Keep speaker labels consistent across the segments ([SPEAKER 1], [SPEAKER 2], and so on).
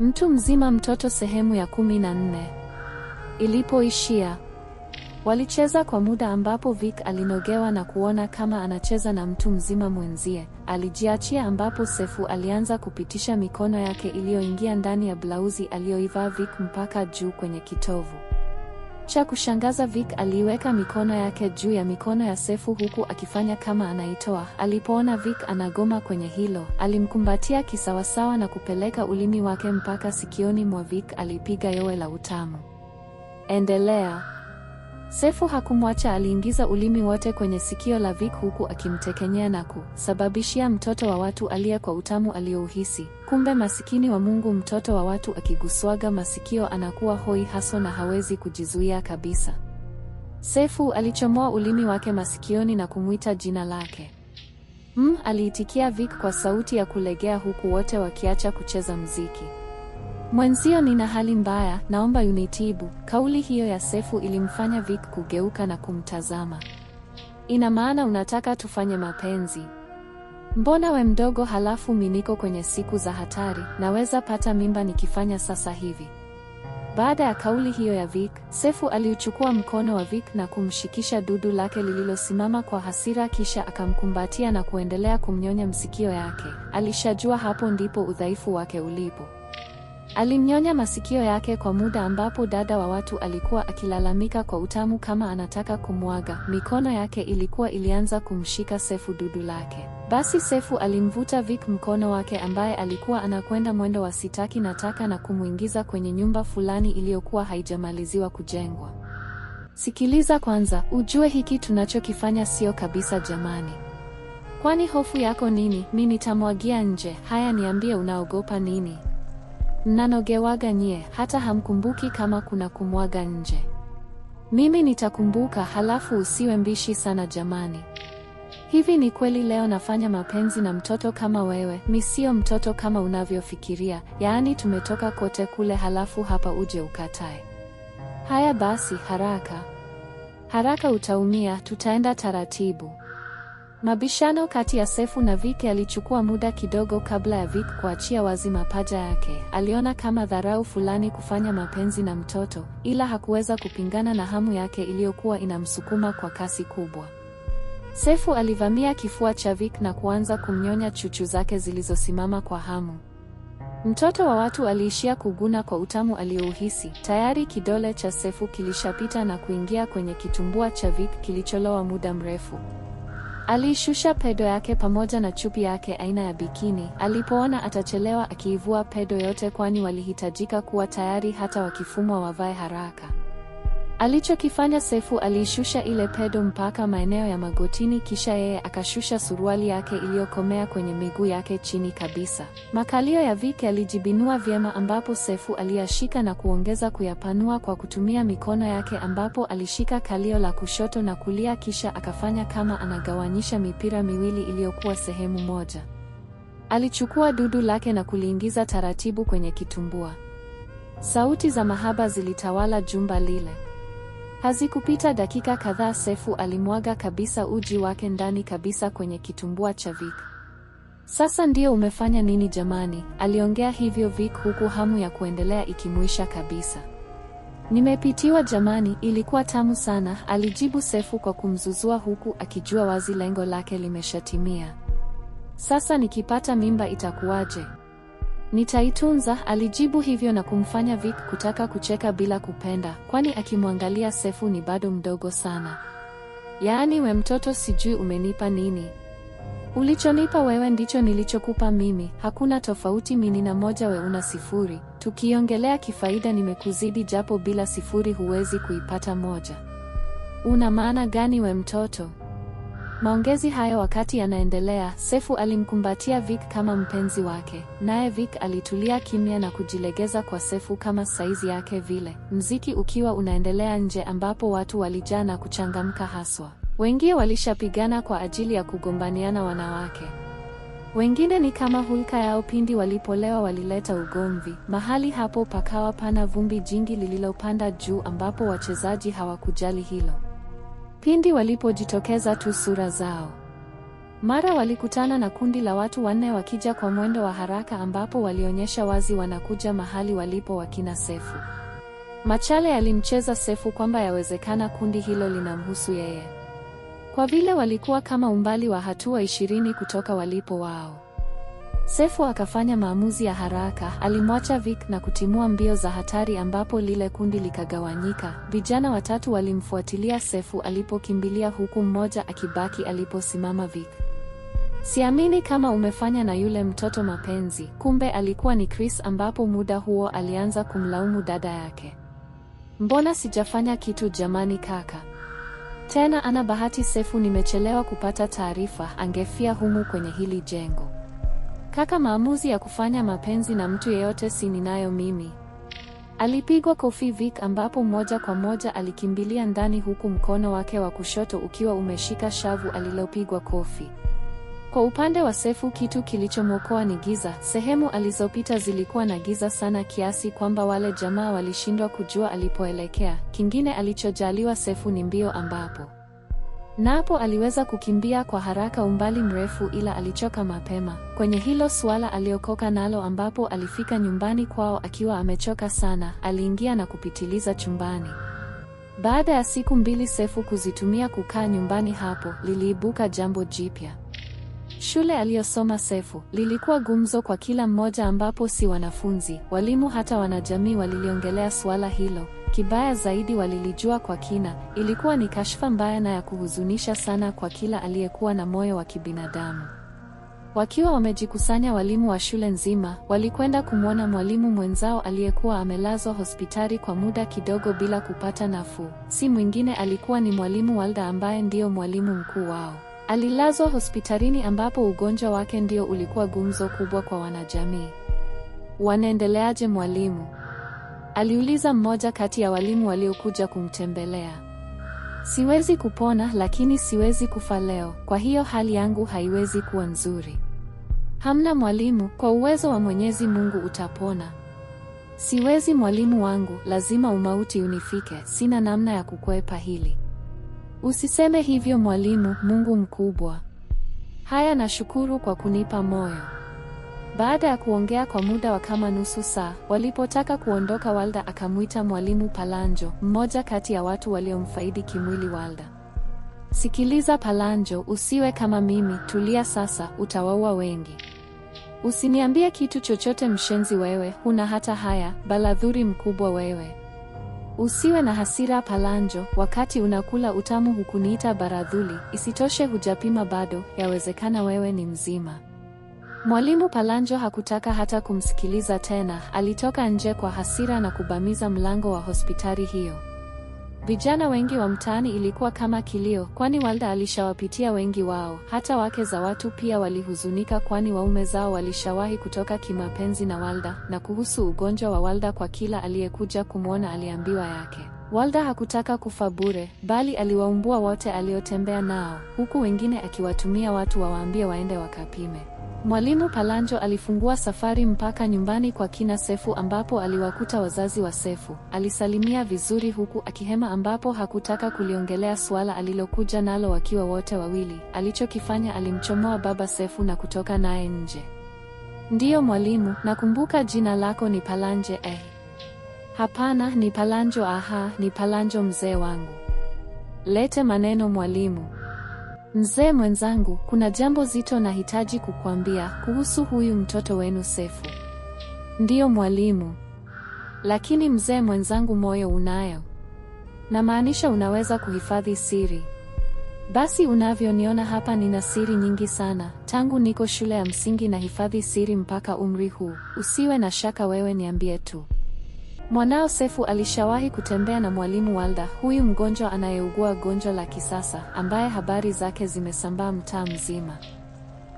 [SPEAKER 1] Mtu mzima mtoto sehemu ya kumi na nne. Ilipoishia, walicheza kwa muda ambapo Vic alinogewa na kuona kama anacheza na mtu mzima mwenzie. Alijiachia ambapo Sefu alianza kupitisha mikono yake iliyoingia ndani ya blauzi aliyoivaa Vic mpaka juu kwenye kitovu. Cha kushangaza Vic aliweka mikono yake juu ya mikono ya Sefu huku akifanya kama anaitoa. Alipoona Vic anagoma kwenye hilo, alimkumbatia kisawasawa na kupeleka ulimi wake mpaka sikioni mwa Vic alipiga yowe la utamu. Endelea. Sefu hakumwacha, aliingiza ulimi wote kwenye sikio la Vic huku akimtekenyea na kusababishia mtoto wa watu alia kwa utamu aliyouhisi. Kumbe masikini wa Mungu, mtoto wa watu akiguswaga masikio anakuwa hoi haso na hawezi kujizuia kabisa. Sefu alichomoa ulimi wake masikioni na kumwita jina lake. Mm, aliitikia Vic kwa sauti ya kulegea huku wote wakiacha kucheza mziki. Mwenzio, nina hali mbaya, naomba unitibu. Kauli hiyo ya Sefu ilimfanya Vic kugeuka na kumtazama. Ina maana unataka tufanye mapenzi? Mbona we mdogo, halafu miniko kwenye siku za hatari, naweza pata mimba nikifanya sasa hivi. Baada ya kauli hiyo ya Vic, Sefu aliuchukua mkono wa Vic na kumshikisha dudu lake lililosimama kwa hasira kisha akamkumbatia na kuendelea kumnyonya msikio yake. Alishajua hapo ndipo udhaifu wake ulipo. Alimnyonya masikio yake kwa muda ambapo dada wa watu alikuwa akilalamika kwa utamu kama anataka kumwaga. Mikono yake ilikuwa ilianza kumshika Sefu dudu lake. Basi Sefu alimvuta Vic mkono wake ambaye alikuwa anakwenda mwendo wa sitaki nataka na kumwingiza kwenye nyumba fulani iliyokuwa haijamaliziwa kujengwa. Sikiliza kwanza, ujue hiki tunachokifanya sio kabisa jamani. Kwani hofu yako nini? Mi nitamwagia nje. Haya niambie unaogopa nini? mnanogewaga nyie, hata hamkumbuki kama kuna kumwaga nje. Mimi nitakumbuka, halafu usiwe mbishi sana jamani. Hivi ni kweli leo nafanya mapenzi na mtoto kama wewe? Mi sio mtoto kama unavyofikiria, yaani tumetoka kote kule, halafu hapa uje ukatae. Haya basi, haraka haraka, utaumia. Tutaenda taratibu. Mabishano kati ya Sefu na Vic yalichukua muda kidogo kabla ya Vic kuachia wazi mapaja yake. Aliona kama dharau fulani kufanya mapenzi na mtoto, ila hakuweza kupingana na hamu yake iliyokuwa inamsukuma kwa kasi kubwa. Sefu alivamia kifua cha Vic na kuanza kumnyonya chuchu zake zilizosimama kwa hamu. Mtoto wa watu aliishia kuguna kwa utamu aliyouhisi. Tayari kidole cha Sefu kilishapita na kuingia kwenye kitumbua cha Vic kilicholowa muda mrefu. Aliishusha pedo yake pamoja na chupi yake aina ya bikini alipoona atachelewa akiivua pedo yote, kwani walihitajika kuwa tayari hata wakifumwa wavae haraka. Alichokifanya Sefu aliishusha ile pedo mpaka maeneo ya magotini kisha yeye akashusha suruali yake iliyokomea kwenye miguu yake chini kabisa. Makalio ya Vic yalijibinua vyema ambapo Sefu aliyashika na kuongeza kuyapanua kwa kutumia mikono yake ambapo alishika kalio la kushoto na kulia kisha akafanya kama anagawanyisha mipira miwili iliyokuwa sehemu moja. Alichukua dudu lake na kuliingiza taratibu kwenye kitumbua. Sauti za mahaba zilitawala jumba lile. Hazikupita dakika kadhaa Sefu alimwaga kabisa uji wake ndani kabisa kwenye kitumbua cha Vic. Sasa ndio umefanya nini jamani? Aliongea hivyo Vic huku hamu ya kuendelea ikimwisha kabisa. Nimepitiwa jamani, ilikuwa tamu sana, alijibu Sefu kwa kumzuzua huku akijua wazi lengo lake limeshatimia. Sasa nikipata mimba itakuwaje? Nitaitunza, alijibu hivyo na kumfanya Vic kutaka kucheka bila kupenda, kwani akimwangalia Sefu ni bado mdogo sana. Yaani we mtoto sijui umenipa nini? Ulichonipa wewe ndicho nilichokupa mimi, hakuna tofauti. Mimi na moja, we una sifuri. Tukiongelea kifaida nimekuzidi, japo bila sifuri huwezi kuipata moja. Una maana gani we mtoto? Maongezi hayo wakati yanaendelea, Sefu alimkumbatia Vic kama mpenzi wake, naye Vic alitulia kimya na kujilegeza kwa Sefu kama saizi yake vile, mziki ukiwa unaendelea nje ambapo watu walijaa na kuchangamka haswa. Wengine walishapigana kwa ajili ya kugombaniana wanawake. Wengine ni kama hulka yao, pindi walipolewa walileta ugomvi. Mahali hapo pakawa pana vumbi jingi lililopanda juu ambapo wachezaji hawakujali hilo. Pindi walipojitokeza tu sura zao, mara walikutana na kundi la watu wanne wakija kwa mwendo wa haraka, ambapo walionyesha wazi wanakuja mahali walipo wakina Sefu. Machale alimcheza Sefu kwamba yawezekana kundi hilo linamhusu yeye, kwa vile walikuwa kama umbali wa hatua ishirini kutoka walipo wao. Sefu akafanya maamuzi ya haraka, alimwacha Vic na kutimua mbio za hatari ambapo lile kundi likagawanyika. Vijana watatu walimfuatilia Sefu alipokimbilia huku mmoja akibaki aliposimama Vic. Siamini kama umefanya na yule mtoto mapenzi. Kumbe alikuwa ni Chris ambapo muda huo alianza kumlaumu dada yake. Mbona sijafanya kitu jamani kaka? Tena ana bahati Sefu nimechelewa kupata taarifa, angefia humu kwenye hili jengo. Kaka, maamuzi ya kufanya mapenzi na mtu yeyote si ninayo mimi. Alipigwa kofi Vic ambapo moja kwa moja alikimbilia ndani huku mkono wake wa kushoto ukiwa umeshika shavu alilopigwa kofi. Kwa upande wa Sefu kitu kilichomwokoa ni giza. Sehemu alizopita zilikuwa na giza sana kiasi kwamba wale jamaa walishindwa kujua alipoelekea. Kingine alichojaliwa Sefu ni mbio ambapo Napo aliweza kukimbia kwa haraka umbali mrefu ila alichoka mapema kwenye hilo suala aliokoka nalo, ambapo alifika nyumbani kwao akiwa amechoka sana. Aliingia na kupitiliza chumbani. Baada ya siku mbili Sefu kuzitumia kukaa nyumbani hapo, liliibuka jambo jipya. Shule aliyosoma Sefu lilikuwa gumzo kwa kila mmoja, ambapo si wanafunzi, walimu, hata wanajamii waliliongelea suala hilo. Kibaya zaidi, walilijua kwa kina. Ilikuwa ni kashfa mbaya na ya kuhuzunisha sana kwa kila aliyekuwa na moyo wa kibinadamu. Wakiwa wamejikusanya walimu wa shule nzima, walikwenda kumwona mwalimu mwenzao aliyekuwa amelazwa hospitali kwa muda kidogo bila kupata nafuu. Si mwingine, alikuwa ni mwalimu Walda ambaye ndiyo mwalimu mkuu wao. Alilazwa hospitalini ambapo ugonjwa wake ndio ulikuwa gumzo kubwa kwa wanajamii. Wanaendeleaje mwalimu? Aliuliza mmoja kati ya walimu waliokuja kumtembelea. Siwezi kupona lakini siwezi kufa leo, kwa hiyo hali yangu haiwezi kuwa nzuri. Hamna mwalimu, kwa uwezo wa Mwenyezi Mungu utapona. Siwezi mwalimu wangu, lazima umauti unifike, sina namna ya kukwepa hili. Usiseme hivyo mwalimu, Mungu mkubwa. Haya, nashukuru kwa kunipa moyo. Baada ya kuongea kwa muda wa kama nusu saa, walipotaka kuondoka, Walda akamwita mwalimu Palanjo, mmoja kati ya watu waliomfaidi kimwili Walda. Sikiliza Palanjo, usiwe kama mimi, tulia sasa, utawaua wengi. Usiniambie kitu chochote mshenzi wewe, huna hata haya, baladhuri mkubwa wewe. Usiwe na hasira Palanjo, wakati unakula utamu hukuniita baradhuli, isitoshe hujapima bado, yawezekana wewe ni mzima. Mwalimu Palanjo hakutaka hata kumsikiliza tena, alitoka nje kwa hasira na kubamiza mlango wa hospitali hiyo. Vijana wengi wa mtaani ilikuwa kama kilio, kwani Walda alishawapitia wengi wao. Hata wake za watu pia walihuzunika, kwani waume zao walishawahi kutoka kimapenzi na Walda. Na kuhusu ugonjwa wa Walda, kwa kila aliyekuja kumwona aliambiwa yake. Walda hakutaka kufa bure, bali aliwaumbua wote aliotembea nao, huku wengine akiwatumia watu wawaambie waende wakapime. Mwalimu Palanjo alifungua safari mpaka nyumbani kwa kina Sefu ambapo aliwakuta wazazi wa Sefu. Alisalimia vizuri huku akihema ambapo hakutaka kuliongelea suala alilokuja nalo wakiwa wote wawili. Alichokifanya alimchomoa baba Sefu na kutoka naye nje. Ndiyo mwalimu, nakumbuka jina lako ni Palanje eh. Hapana, ni Palanjo aha, ni Palanjo mzee wangu. Lete maneno mwalimu. Mzee mwenzangu, kuna jambo zito nahitaji kukuambia kuhusu huyu mtoto wenu Sefu. Ndiyo mwalimu. Lakini mzee mwenzangu, moyo unayo. Namaanisha unaweza kuhifadhi siri. Basi unavyoniona hapa, nina siri nyingi sana. Tangu niko shule ya msingi nahifadhi siri mpaka umri huu. Usiwe na shaka, wewe niambie tu. Mwanao Sefu alishawahi kutembea na Mwalimu Walda, huyu mgonjwa anayeugua gonjwa la kisasa ambaye habari zake zimesambaa mtaa mzima.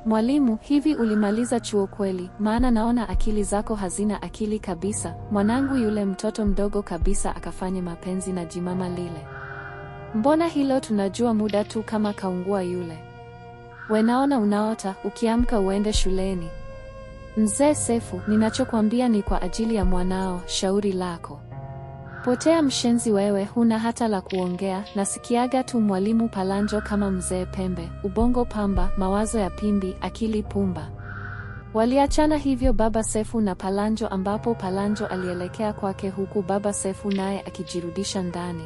[SPEAKER 1] Mwalimu, hivi ulimaliza chuo kweli? Maana naona akili zako hazina akili kabisa. Mwanangu yule mtoto mdogo kabisa akafanya mapenzi na jimama lile. Mbona hilo tunajua muda tu kama kaungua yule. Wenaona unaota, ukiamka uende shuleni. Mzee Sefu, ninachokwambia ni kwa ajili ya mwanao, shauri lako. Potea mshenzi wewe, huna hata la kuongea. Nasikiaga tu mwalimu Palanjo kama mzee Pembe, ubongo pamba, mawazo ya pimbi, akili pumba. Waliachana hivyo baba Sefu na Palanjo, ambapo Palanjo alielekea kwake huku baba Sefu naye akijirudisha ndani.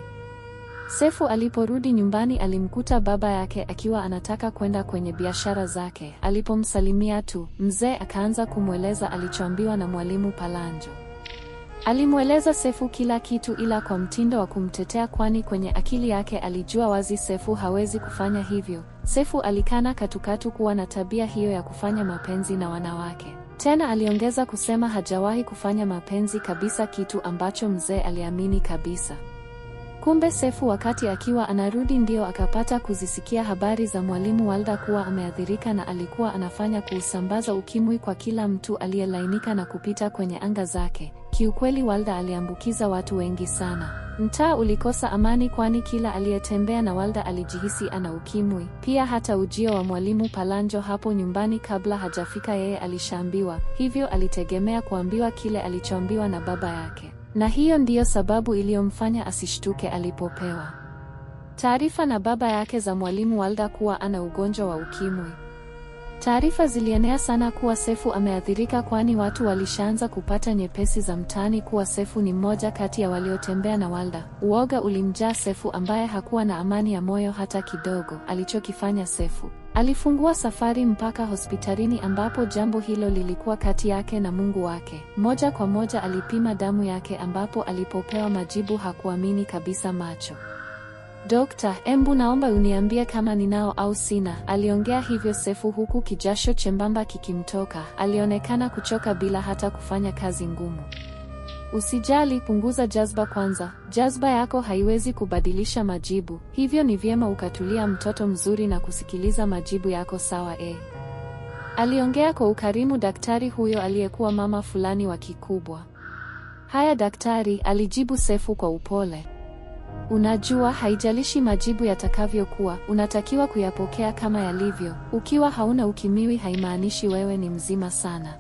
[SPEAKER 1] Sefu aliporudi nyumbani alimkuta baba yake akiwa anataka kwenda kwenye biashara zake. Alipomsalimia tu, mzee akaanza kumweleza alichoambiwa na mwalimu Palanjo. Alimweleza Sefu kila kitu ila kwa mtindo wa kumtetea kwani kwenye akili yake alijua wazi Sefu hawezi kufanya hivyo. Sefu alikana katukatu kuwa na tabia hiyo ya kufanya mapenzi na wanawake. Tena aliongeza kusema hajawahi kufanya mapenzi kabisa, kitu ambacho mzee aliamini kabisa. Kumbe Sefu wakati akiwa anarudi ndio akapata kuzisikia habari za Mwalimu Walda kuwa ameathirika na alikuwa anafanya kuusambaza ukimwi kwa kila mtu aliyelainika na kupita kwenye anga zake. Kiukweli Walda aliambukiza watu wengi sana. Mtaa ulikosa amani kwani kila aliyetembea na Walda alijihisi ana ukimwi. Pia hata ujio wa Mwalimu Palanjo hapo nyumbani kabla hajafika yeye alishaambiwa, hivyo alitegemea kuambiwa kile alichoambiwa na baba yake na hiyo ndiyo sababu iliyomfanya asishtuke alipopewa taarifa na baba yake za Mwalimu Walda kuwa ana ugonjwa wa ukimwi. Taarifa zilienea sana kuwa Sefu ameathirika kwani watu walishaanza kupata nyepesi za mtaani kuwa Sefu ni mmoja kati ya waliotembea na Walda. Uoga ulimjaa Sefu ambaye hakuwa na amani ya moyo hata kidogo. Alichokifanya Sefu, alifungua safari mpaka hospitalini ambapo jambo hilo lilikuwa kati yake na Mungu wake. Moja kwa moja alipima damu yake ambapo alipopewa majibu hakuamini kabisa macho. Dokta, embu naomba uniambie kama ninao au sina. Aliongea hivyo Sefu huku kijasho chembamba kikimtoka. Alionekana kuchoka bila hata kufanya kazi ngumu. Usijali, punguza jazba kwanza. Jazba yako haiwezi kubadilisha majibu, hivyo ni vyema ukatulia mtoto mzuri na kusikiliza majibu yako, sawa eh? Aliongea kwa ukarimu daktari huyo aliyekuwa mama fulani wa kikubwa. Haya daktari, alijibu Sefu kwa upole. Unajua, haijalishi majibu yatakavyokuwa, unatakiwa kuyapokea kama yalivyo. Ukiwa hauna ukimwi haimaanishi wewe ni mzima sana,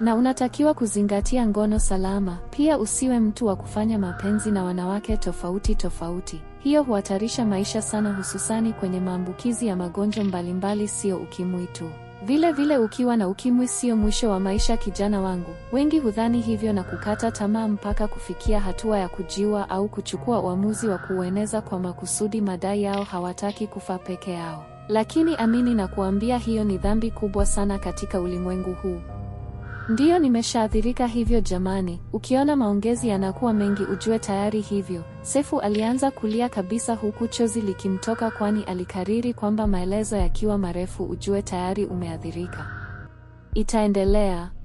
[SPEAKER 1] na unatakiwa kuzingatia ngono salama. Pia usiwe mtu wa kufanya mapenzi na wanawake tofauti tofauti, hiyo huhatarisha maisha sana, hususani kwenye maambukizi ya magonjwa mbalimbali, sio ukimwi tu. Vile vile ukiwa na ukimwi sio mwisho wa maisha, kijana wangu. Wengi hudhani hivyo na kukata tamaa mpaka kufikia hatua ya kujiua au kuchukua uamuzi wa kuueneza kwa makusudi madai yao, hawataki kufa peke yao. Lakini amini na kuambia, hiyo ni dhambi kubwa sana katika ulimwengu huu. Ndiyo, nimeshaathirika hivyo jamani, ukiona maongezi yanakuwa mengi ujue tayari hivyo. Sefu alianza kulia kabisa huku chozi likimtoka kwani alikariri kwamba maelezo yakiwa marefu ujue tayari umeathirika. Itaendelea.